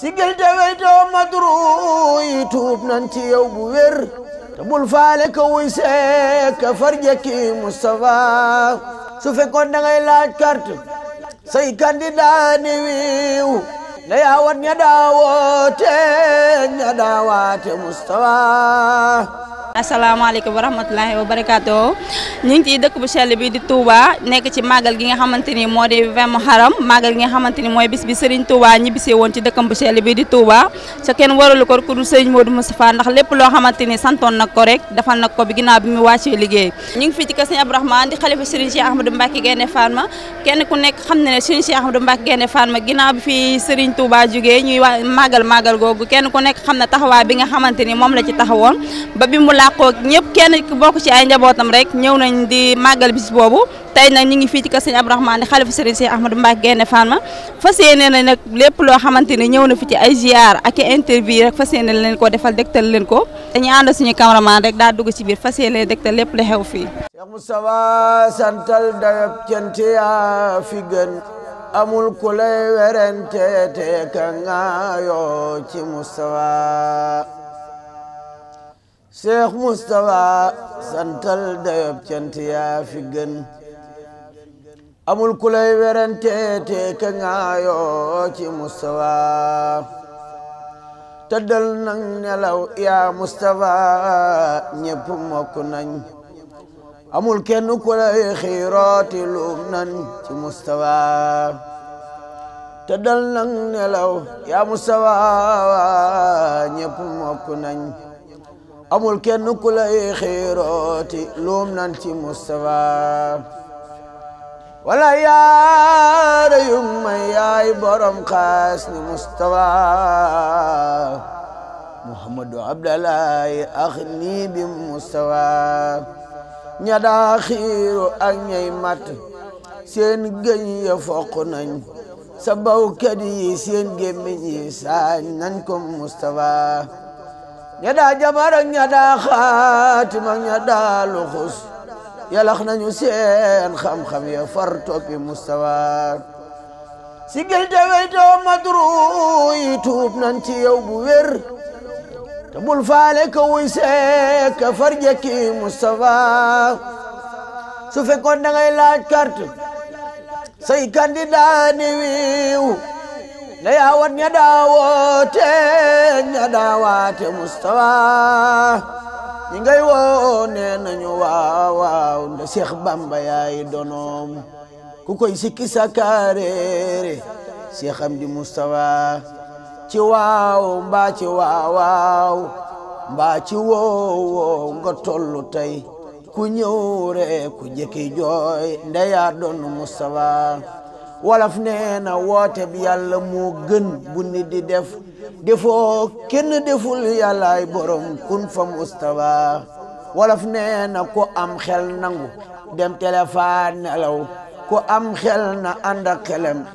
sigil te weytoo madru yi tuub nan ci yow bu wér te bul faale ka wuy seek ka farjekki Moustapha su fekkoon da ngay laaj carte say candidat ni wiiw na yaawat ña daawoote ña daawaate assalamualaikum warahmatullahi wabarakatuh wa ci ñu dëkk bu sel bi di Touba nek ci magal gi nga xamanteni modi moo di vingt muharram màggal gi nga xamanteni moy bis bi Serigne Touba ñibbisee won ci dëkkam bu sel bi di Touba sa kenn waral ko ko dul Serigne Modou Moustapha ndax lepp lo xamanteni ni nak ko rek defal nak ko bi bi liggéey ñing fi ci Serigne di khalifa Serigne Cheikh Ahmadou mbacke Gaïndé farma kenn ku nek xamne ne Serigne Cheikh Ahmadou mbacke farma fi Serigne Touba ñuy magal magal gogu kenn ku nek xamna taxawa bi nga xamanteni mom la ci taxawon ba bi mu làqoo ñëpp kenn ku bokk ci ay njabootam rek ñëw nañ di màggal bis boobu tey nag ñu ngi fii ci kër sëñ Abdourahmane di xalifa sëriñ Cheikh Ahmadou Mbacke Gaïndé Fatma fas yéene na nag lépp loo xamante ne ñëw na fi ci ay ziar ak interview rek fas yéene leen ko defal dégtal leen ko dañu ànd suñu cameraman rek daa dugg ci biir fas yéene dégtal lépp la xew fii Cheikh Moustapha santal dayob cant yaa fi gën amul ku lay werante te ka nga yoo ci Moustapha Seex Mustafa santal dayob cant yaa fi gën amul ku lay werante te ka ngaayoo ci Mustafa tëddal nang nelaw yaa Mustafa ñépp mokk nañ amul kenn ku lay xiirooti luum nan ci Mustafa tëddal nang nelaw yaa Mustafa ñépp mokk nañ امول كن كل خيراتي لوم ننتي مصطفى ولا يا ريم يا برم خاسني مصطفى محمد عبد الله اخني بمصطفى نيا خير اني مات سين غي يفوق نان كدي سين غي مني سان نانكم مصطفى ñada jabarak ñada xaatima ñada luxus yalax nañu seen xam ya far toppi mustawa sigil te weytoo madru yi tuub nan ci yow bu wér te bul faale ko wuy seek ka far jekki mustawa su fekkoon da ngay laaj carte say candidat ni wiiw na yaawat ña daawoote ña daawaate mustawa ñi ngay woo nee nañu waawaaw nda Seex Bamba yaay donoom ku koy sikki sakaareere Seex Amdi Mustawa ci waaw mbaa ci waawaaw mbaa ci woowoo nga tollu tey ku ñëw ree ku jëkki jooy nda yaa doon Mustawa wolof nee na bi yàlla moo gën bu nit di def defoo kenn deful yàllaay borom kun fa mustawa wolof nee ku am xel nangu dem téléphone nelaw ku am xel na ànd ak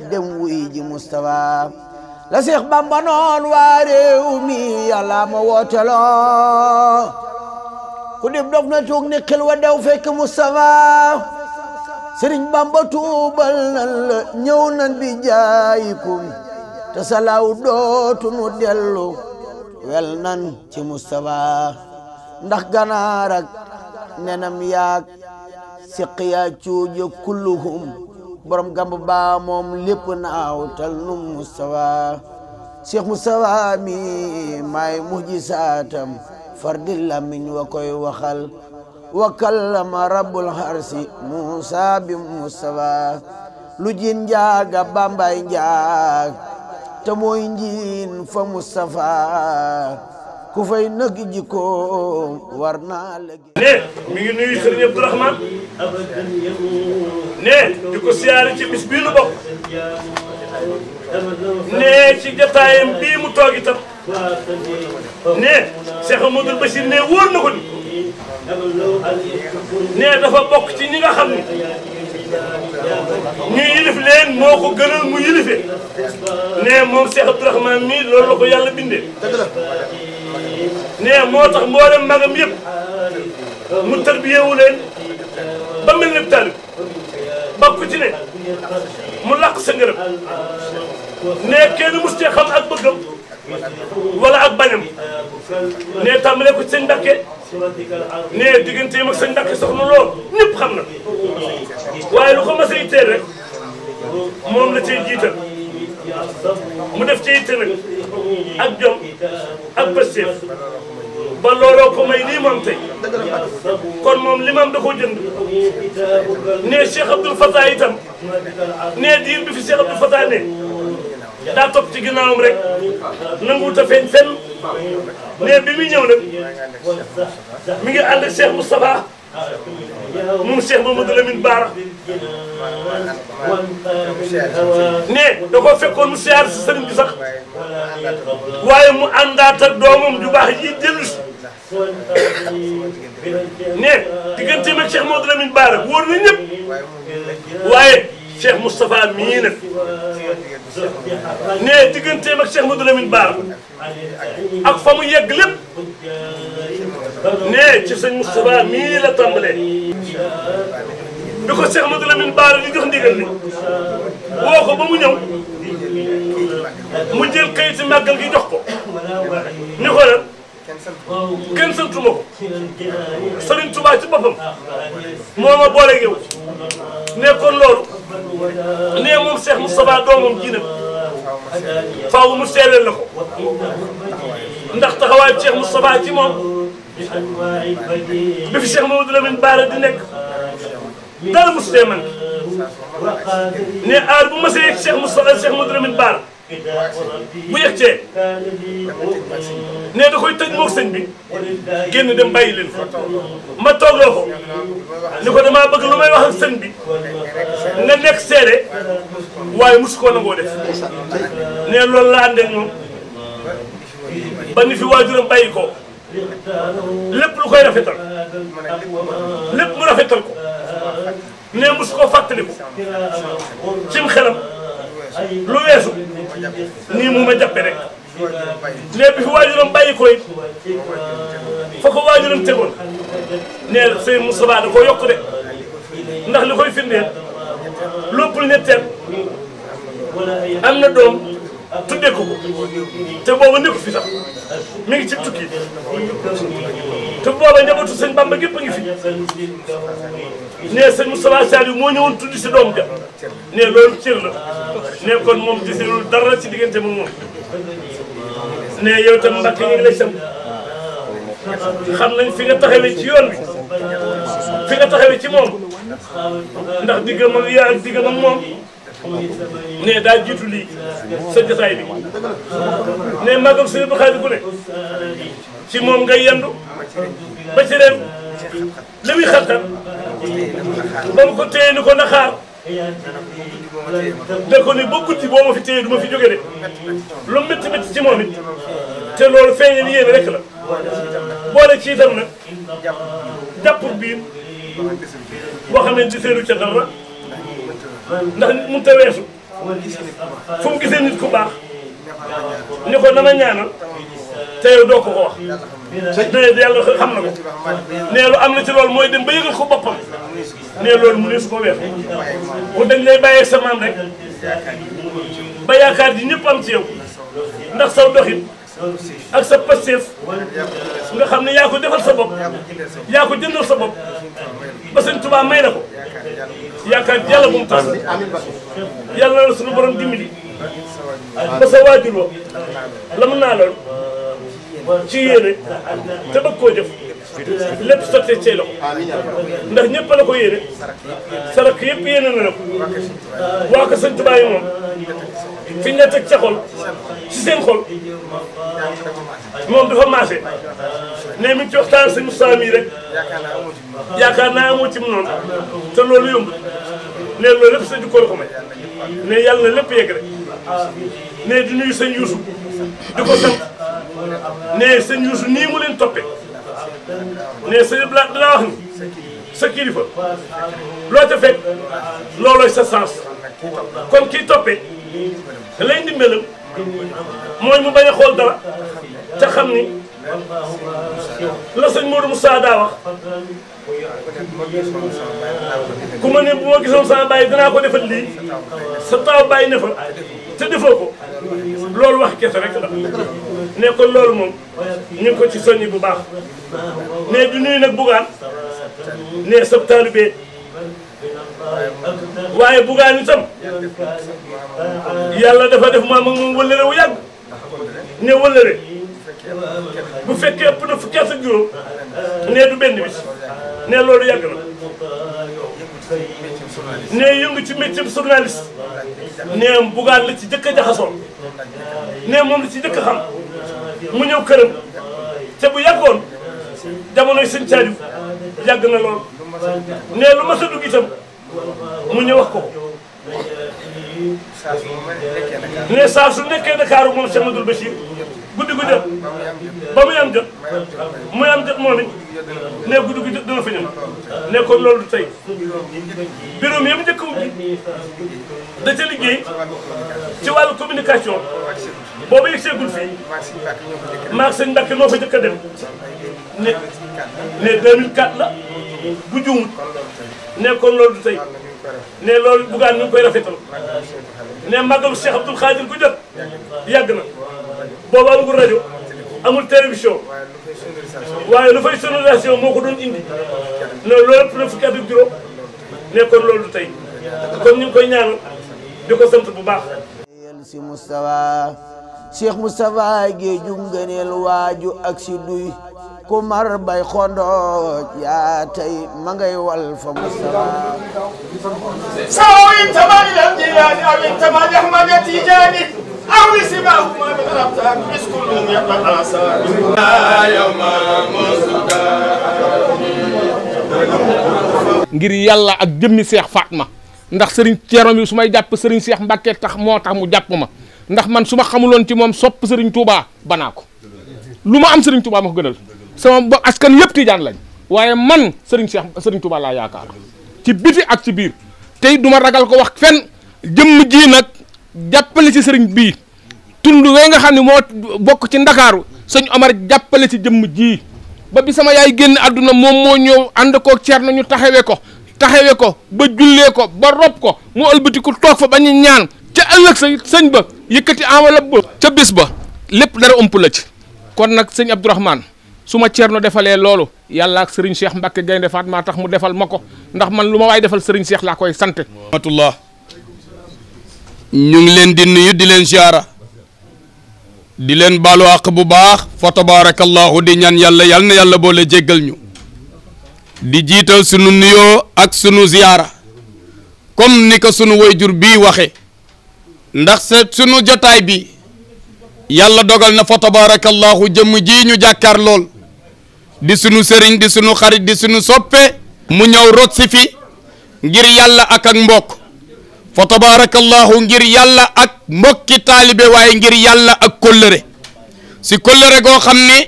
dem wuy ji mustawa la Seex Bamba noon waa réew mi yàlla wooteloo ku dib dof na tuug ni xel wa dew fekk mustawa sëriñ bamba tuubal nan la ñëw nan bi jaayikum te salaaw dootu nu dellu wel nan ci Mustafa ndax ganaar ak nenam yaak siqiya cuuja kulluhum borom gamba baa moom naaw tal nu Mustafa Cheikh Mustafa mi maay mujjisaatam fardil lamiñ wa koy waxal wa kallama rabbul harsi Musa bi Mustafa lu jin njaaga bambay njaag mooy njiin fa Mustafa ku fay nag jikkoom war naa la ne mi nuyu Sëriñ Abdourahmane ne di nu bokk ne ci jotaayam bii mu toog itam ne Cheikh Amadou Bachir ne wóor na ko ni nee dafa bokk ci ñi nga xam ni ñu yilif leen moo ko gënal mu yilife nee moom Cheikh Abdourahmane mii loolu la ko yàlla bindee nee moo tax mboolem magam yëpp mu tarbiyewu leen ba mel ne taalib bokk ci ne mu làq sa ngërëm nee kenn mus cee xam ak ولا أبنم نتاملك سندك نتيجة تيمك سندك سخنولو نبخمنا وعلو خمس سيتر مملة جيتر مدف جيتر أجم أبسيف بلورو كومي ليمانتي كون مم ليمان دو خوجند ني شيخ عبد الفتاح ايتام ني دير بي في شيخ عبد الفتاح ني daa topp ci ginnaawam rek nanguwut a feeñ fenn mais bi muy ñëw nag mi ngi ànd ak Cheikh Moustapha moom Cheikh Mamadou Lamine Baara ne da koo fekkoon mu siyaar si sëriñ bi waaye mu àndaat ak doomam ju baax ji dellu si ne digganteem ak Cheikh Mamadou Lamine Baara wóor na ñëpp waaye. شيخ مصطفى امينك ني تيغنتي ماك شيخ مدرم بار اك فامو يغلب ني تي سيغ مصطفى ميلا تامبلي دوكو شيخ مدرم بار لي جوخ ديغال لي وخو بامو نيو مو جيل كايت ماغال كي جوخكو نيكولا كن سنتو مو سرين توبا تي بوفم موما بولي يو نيكون لولو nee moom Cheikh Moustapha doomam ji nag faaw mu seeleel la ko ndax taxawaayu Cheikh Moustapha ci moom bi fi Cheikh Mamadou Lamine Bara di nekk dara mosutee man ne aar bu mësee Cheikh Moustapha Cheikh Mamadou Lamine Bara bu yegsee ne da koy tëj moog sëñ bi génn dem bàyyi leen fa ma toogloo ko ni ko damaa bëgg lu may wax ak sëñ bi nga nekk seede waaye mosu koo nangoo def ne loolu la àndee ñoom ba ni fi waajuram bàyyi ko lépp lu koy rafetal lépp mu rafetal ko ne mosu koo fàttaliku cim xelam. lu weesu nii mu ma jàppe rek nee bi fi waajuram bàyyi ko it fa ko waajuram tegoon nee sëñ Moustapha da yokk de ndax li koy firndeel lépp lu ñetteel am na doom tuddee ko ko te booba nekku fi sax mi ngi ci tukki te booba njabootu sëñ Bamba gépp a ngi fi ne sëñ Moustapha Saliou moo ñëwoon tudd si doom ja ne loolu cër la ne kon moom gisul dara ci diggante mu moom ne yow tam Mbacke ñu ngi lay sant xam nañ fi nga ci yoon bi fi nga taxawee ci moom ndax diggam ak yaa ak diggam ak moom ne daa jiitu lii sa jotaay bi ne magam sëñ bu ku ne ci moom nga yendu ba ci dem li muy xattan ba mu ko téye ni ko na xaar da ko ni ba guddi boo ma fi téye du ma fi jóge de lu métti métti ci moom it te loolu rek la boole ci itam nag jàpp biir boo xam ne di seenu ca na ndax mënut a weesu fu mu gisee nit ku baax ni ko na ma ñaanal. te yow doo ko ko wax. ne yàlla xam na ko nee lu am na ci loolu mooy dem ba yëgal ko boppam nee loolu mu ne su ko weex ku dañ lay bàyyee sa maam rek ba yaakaar ji ñëpp am ci yow ndax saw sa pasteef nga xam ne yaa ko defal sa bopp yaa ko jëndal sa bopp ba sëñ Tuubaa may na ko yaakaar yàlla bu mu tas yàlla la suñu borom dimbali ba sa waajur la mun naa loolu ci yéene te bëgg koo jëf lépp sottee ci loxo ndax ñëpp la ko yéene sarak yëpp yéene na la ko waa ko sëñ Tuubaa yi moom fi ñu la teg ca xol ci seen xol moom dafa maase ne mi ci waxtaan sëñ Moussa mii rek yaakaar naa amoo ci mu noonu te loolu yomb ne loolu lépp sa jukkoor ko may ne yàlla lépp yegg rek ne di di ko sant ne sëñ Youssou nii mu leen toppe ne sëñ loo ca fekk kon kii toppee lay ndimbalam mooy mu bañ a xool dara ca xam ni daa wax ku ma ne bu ma gisoon sama bàyyi dinaa ko defal lii sa taaw bàyyi fa loolu wax kese rek la. ne ko loolu moom ñu ngi ko ci soññi bu baax ne du nuyu nag bugaan ne sab taalibe waaye bugaan itam yàlla dafa def maam ak moom wëllëre wu yàgg ne wëllëre bu fekkee ëpp na fukki at ak ne du benn bis ne loolu yàgg na nee yëngu ci métier bu journaliste nee Bougane la ci jëkk a jaxasoo nee moom la ci jëkk a xam mu ñëw këram te bu yàggoon jamonoy sëñ Saaliw yàgg na lool nee lu mas a mu ñëw wax ko nee saa su nekkee Dakaaru moom Cheikh Madou Bachir guddi guddi ba muy am jot muy am jot moom nee guddi gi dana fa ñëw ne kon loolu tey bureau mi yëpp njëkk da ca liggéey ci wàllu communication boobu yëg seegul fii maag sëñ Mbàkke noo fa njëkk a dem ne ne 2004 la bu juumut ne kon loolu du tey ne loolu bugaan ñu ngi koy rafetal ne màggalu Cheikh Abdoul Khadir gu jot yàgg na boobu amagul rajo amul télévision waaye lu fay sonorisation moo ko doon indi loolu ëpp na fukki at ak juróom nekkoon loolu du tey kon ñu ngi di ko sant bu baax yel si Moustapha Cheikh Moustapha géeju ngëneel waaju ak si duy ku bay xondooj yaa tey ma wal fa Moustapha saw in tamaani lam jilaani aw in tamaani ahmad tijaani أو ngir yàlla ak jëmmi seex ma ndax sëriñ Thierno mi su may jàpp sëriñ seex Mbàkke tax moo tax mu jàpp ma ndax man su ma xamuloon ci moom sopp sëriñ Touba banaa ko lu ma am sëriñ Touba ma ko gënal sama ba askan yëpp tijaan lañ waaye man sëriñ seex sëriñ Touba laa yaakaar ci biti ak ci biir tey duma ragal ko wax fenn jëmm ji nag jàppale ci sëriñ bii tundu we nga xamni mo bok ci ndakaaru sëñ Omar jàppale ci jëmm ji ba bi sama yaay génn àdduna moom moo ñëw ànd koo Cerno ñu taxawee ko taxawee ko ba jullé ko ba rob ko mu albuti ku tok fa bañ ñaan ci ëlëk sa ba yëkëti amala bu ci bis ba lepp dara la ci kon nak abdourahman suma cierno defalé lolu yalla ak Cheikh Mbacke Gaynde Fatma tax mu defal mako, ko ndax man luma way defal sëriñ Cheikh la koy matullah ñu ngi len di nuyu di len ziarah di leen baalu àq bu baax fa tabarakallahu di ñaan yàlla yal na yàlla boole jéggal ñu di jiital sunu nuyoo ak sunu ziyaara comme ni ko sunu jur bii waxe ndax se sunu jotaay bi yàlla dogal na fa tabarakallahu jëmm ji ñu jàkkaar lool di sunu sëriñ di sunu xarit di sunu soppee mu ñaw rot si fi ngir yàlla ak ak mbokk fa tabarakallahu ngir yàlla ak mbokki taalibe waaye ngir yàlla ak kóllëre si kóllëre goo xam ne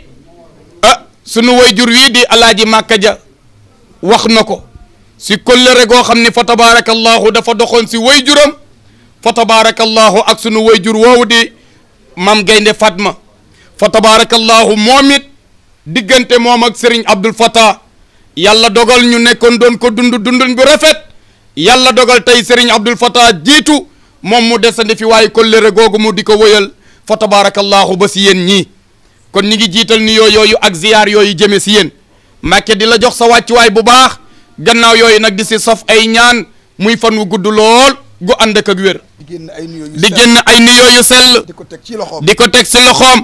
ah sunu wayjur wii di alaaji màkka ja wax na ko si kóllëre goo xam ne fa tabarakallahu dafa doxoon si wayjuram fa tabarakallahu ak sunu wayjur woowu di mam gaynde fatma fa tabarakallahu moom it diggante moom ak sëriñ abdul fata yàlla dogal ñu nekkoon doon ko dund dundun bu rafet yàlla dogal tey Serigne Abdul Fattah jiitu moom mu desandi fi waaye kollëre googu mu di ko wëyal fa tabaarakallaahu ba si yéen ñii kon ñi ngi jiital ni yooyu yooyu ak ziyaar yooyu jëme si yéen Mbàkke di la jox sa wàccuwaay bu baax gannaaw yooyu nag di si sof ay ñaan muy fan wu gudd lool gu ànd ak ak wér di génn ay nuyoo yu ko teg ci loxoom di ko teg ci loxoom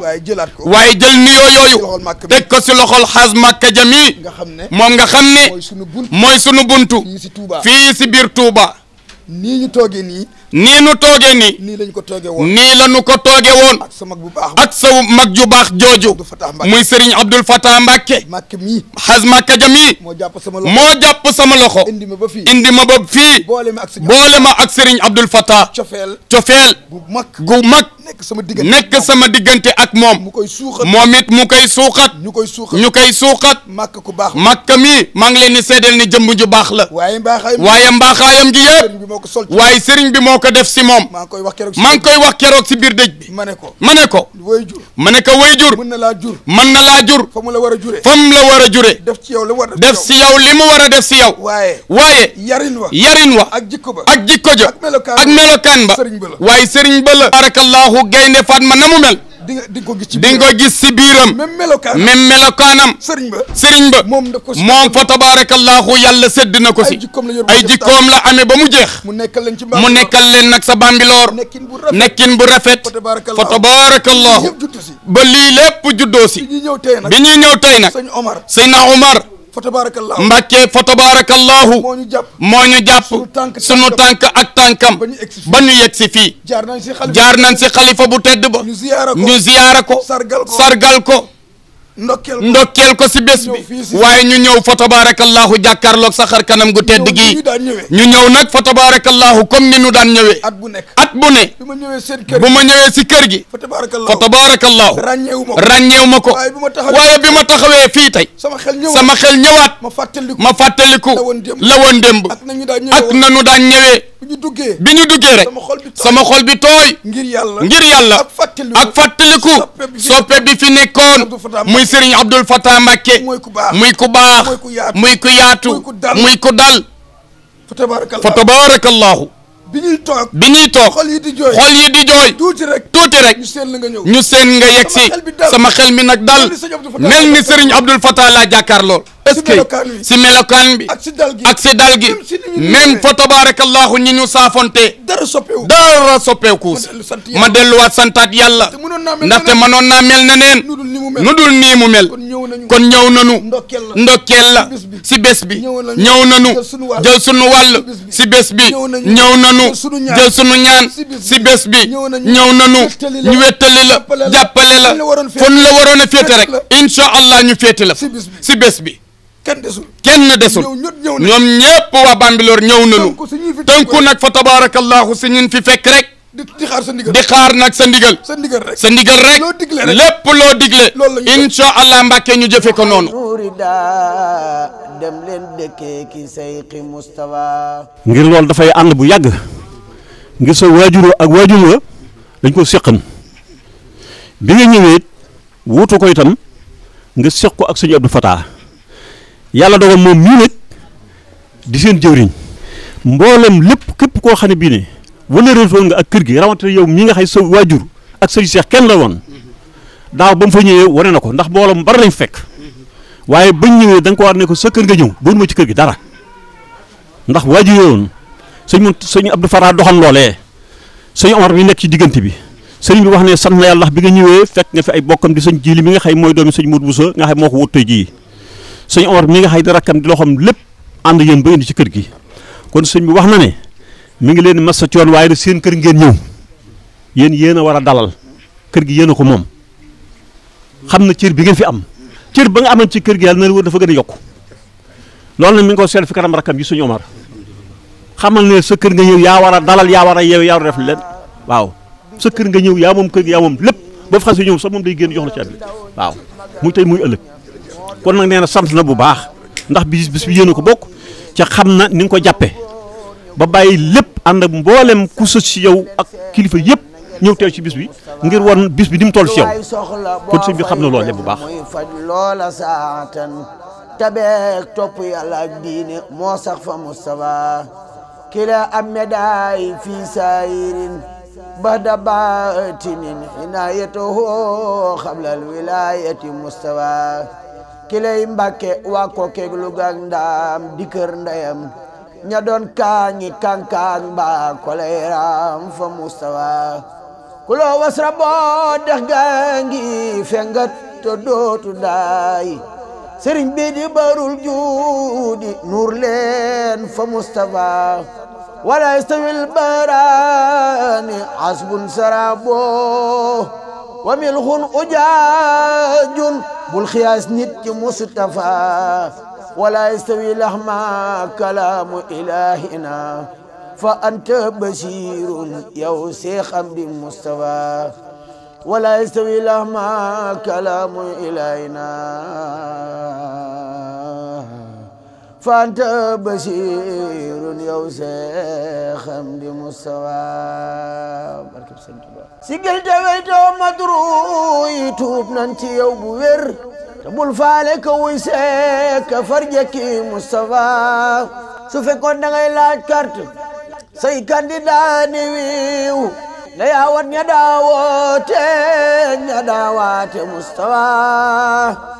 waaye jël nuyoo yooyu teg ko ci loxol xaas màkka jami moom nga xam ne mooy sunu buntu fii ci biir Touba nii ñu toogee nii nii nu toogee nii. nii lañ ko toogee woon nii lañu ko toogee woon. ak sa mag bu baax ak sa mag ju baax jooju. muy Serigne Abdul Fatah Mbacke. Mbacke mii xas ja mii. moo jàpp sama loxo moo jàpp sama loxo. indi ma ba fi indi ma ba fii. boole ma ak Serigne boole ma ak Serigne Abdul Fatah. cofeel cofeel. gu mag gu mag. nekk sama diggante nekk sama diggante ak moom. mu koy suuxat moom it mu koy suuxat. ñu koy suuxat ñu koy suuxat. màkk ku baax màkk mii. maa ngi leen di seedeel ni jëmb ju baax la. waaye mbaaxaayam waaye mbaaxaayam gi yëpp. waaye Serigne bi moo moo ko def si moom. maa ngi koy wax kerook si biir dëj bi. ma ne ko ma ne ko. wayjur ma ne ko wayjur. mën na laa jur mën na laa jur. fa mu la war a jure fa la war a jure. def ci yow li war a def si yow li ma war a def si yow. waaye waaye. yarin wa yarin wa. ak jikko ba ak jikko ja. ak melokaan ba ak melokaan ba. waaye sëriñ ba la. barakallahu gaynde Fatma na mu mel. di nga di nga ci biiram di nga gis si biiram. même melokaanam même ba sëriñ ba. moom da ko si moom fa tabaarakallaahu yàlla sedd na ko si. ay jikkoom la amee ba mu jeex. mu nekkal leen ci mu nekkal leen nag sa bambiloor. nekkin bu rafet fa tabaarakallaahu ba lii lépp juddoo si. bi ñuy ñëw tey nag sëñ Omar. fotabarakallahu Mbàkke fotabarakallahu moo ñu jàpp moo ñu jàpp sunu tànk ak tànkam ba ñu yegg si fii jaar nañ si xalifa bu tedd ba ñu ziyaara ko sargal ko ndokkeel ko si bés bi waaye ñu ñëw fa tabarakallahu jàkkaarloog sa saxaar kanam gu tedd gi ñu ñëw nag fa tabarakallahu comme ni ñu daan ñëwee at bu ne bu ma ñëwee si kër gi fa tabarakallahu ràññeewu ma ko waaye bi ma taxawee fii tey sama xel ñëwaat ma fàttaliku la woon démb ak nañu daan ñëwee bi ñu duggee bi ñu duggee rek sama xol bi tooy ngir yàlla ngir yàlla ak fàttaliku soppe bi fi nekkoon muy Serigne Abdoul Fatah Mbacké muy ku baax muy ku baax muy ku yaatu muy ku dal fa tabarakallahu bi ñuy toog bi ñuy toog xol yi di jooy xol di jooy tuuti rek tuuti rek ñu seen nga ñëw ñu seen nga yegsi sama xel mi nag dal mel ni Serigne Abdoul Fatah laa jàkkaar est-ce si melokaan bi ak si dal gi même fa tabarakallahu ñi ñu saafonte dara soppeeku si ma delluwaat santaat yàlla ndaxte mënoon naa mel na neen nu dul nii mu mel kon ñëw nanu ndokkeel la si bés bi ñëw nanu jël sunu wàll si bés ñaw ñëw nanu jël sunu ñaan si bés bi ñëw nanu ñu wettali la jàppale la fon la waroon a féete rek incha allah ñu féete la si bés bi kenn desul kenn desul ñoom ñëpp waa Bambilor ñëw nañu tënku nag fa tabaarakallaahu si ñun fi fekk rek di xaar sa ndigal di xaar nag sa ndigal sa ndigal rek sa ndigal rek lépp loo digle incha allah mbàkke ñu jëfe ko noonu dem leen dëkkee ngir loolu dafay ànd bu yàgg ngir sa waajur ak waajur wa dañ ko seqan bi nga ñëwee wuutu ko itam nga seq ko ak yàlla dogal moom mii di seen jëwriñ mboolem lépp képp koo xam ne bii ne wala réewoon nga ak kër gi rawatina yow mii nga xay sa waajur ak say seex kenn la woon daaw ba mu fa ñëwee wane na ko ndax mboolem bari lañ fekk waaye bañ ñëwee da nga ko war ne ko sa kër nga ñëw doon ma ci kër gi dara ndax waajur yoon sëñ mun sëñ Abdou faraa doxan loolee sëñ Omar mi nekk ci diggante bi sëriñ bi wax ne sant na yàlla bi nga ñëwee fekk nga fi ay bokkam di sëñ jiili mi nga xay mooy doomi sëñ Modou Boussa nga xay moo ko wut tey sëñ Omar mi nga xay di rakkam di loxoom lépp ànd yéen ba indi ci kër gi kon sëñ bi wax na ne mi ngi leen mas sa coon waaye nag seen kër ngeen ñëw yéen yéen a war a dalal kër gi yéen ko moom xam na cër bi ngeen fi am cër ba nga amoon ci kër gi yàlla na wër dafa gën a yokku loolu nag mi ngi ko seet fi kanam rakkam ji sëñ Omar xamal ne sa kër nga ñëw yaa war a dalal yaa war a yeew yaa war leen waaw sa kër nga ñëw yaa moom kër gi yaa moom lépp ba fa xasee ñëw sax moom day génn jox la ci àddina waaw muy tey muy ëllëg kon nag nee na sant na bu baax ndax bis bis bi yéen ko bokk ca xam na ni ko jàppee ba bàyyi lépp ànd ak mboolem ku sës si ak kilifa yëpp ñëw teew ci bis bi ngir won bis bi ni mu toll si yow kon sëñ bi xam na loolu bu baax. tabeek topp yàlla ak diine moo sax fa Moustapha kila am médaille fii saayirin bahda baatinin inaayatuhu xablal wilaayati Moustapha kile imbake mbàkke waa ke lugaak ndaam di kër kangi ña doon kaañi kankaak mbaa kulo fa mustawa wasra boo dex gaa ngi fengat te dootu daay sëriñ bi di barul judi nur len fa mustawa wala istawil barani asbun sarabo وملخن أجاج بالخياس نتك مصطفى ولا يستوي لهما كلام إلهنا فأنت بشير يا سيخ أمد مصطفى ولا يستوي لهما كلام إلهنا fanta basirun yow te weytoo madru yi tuub nan ci bu wér te bul faale ka wuy see ka farjaki mustawa su fekkoon da ngay laaj carte say candidat wiiw na yaawat ña daawoo te ña daawaate mustawa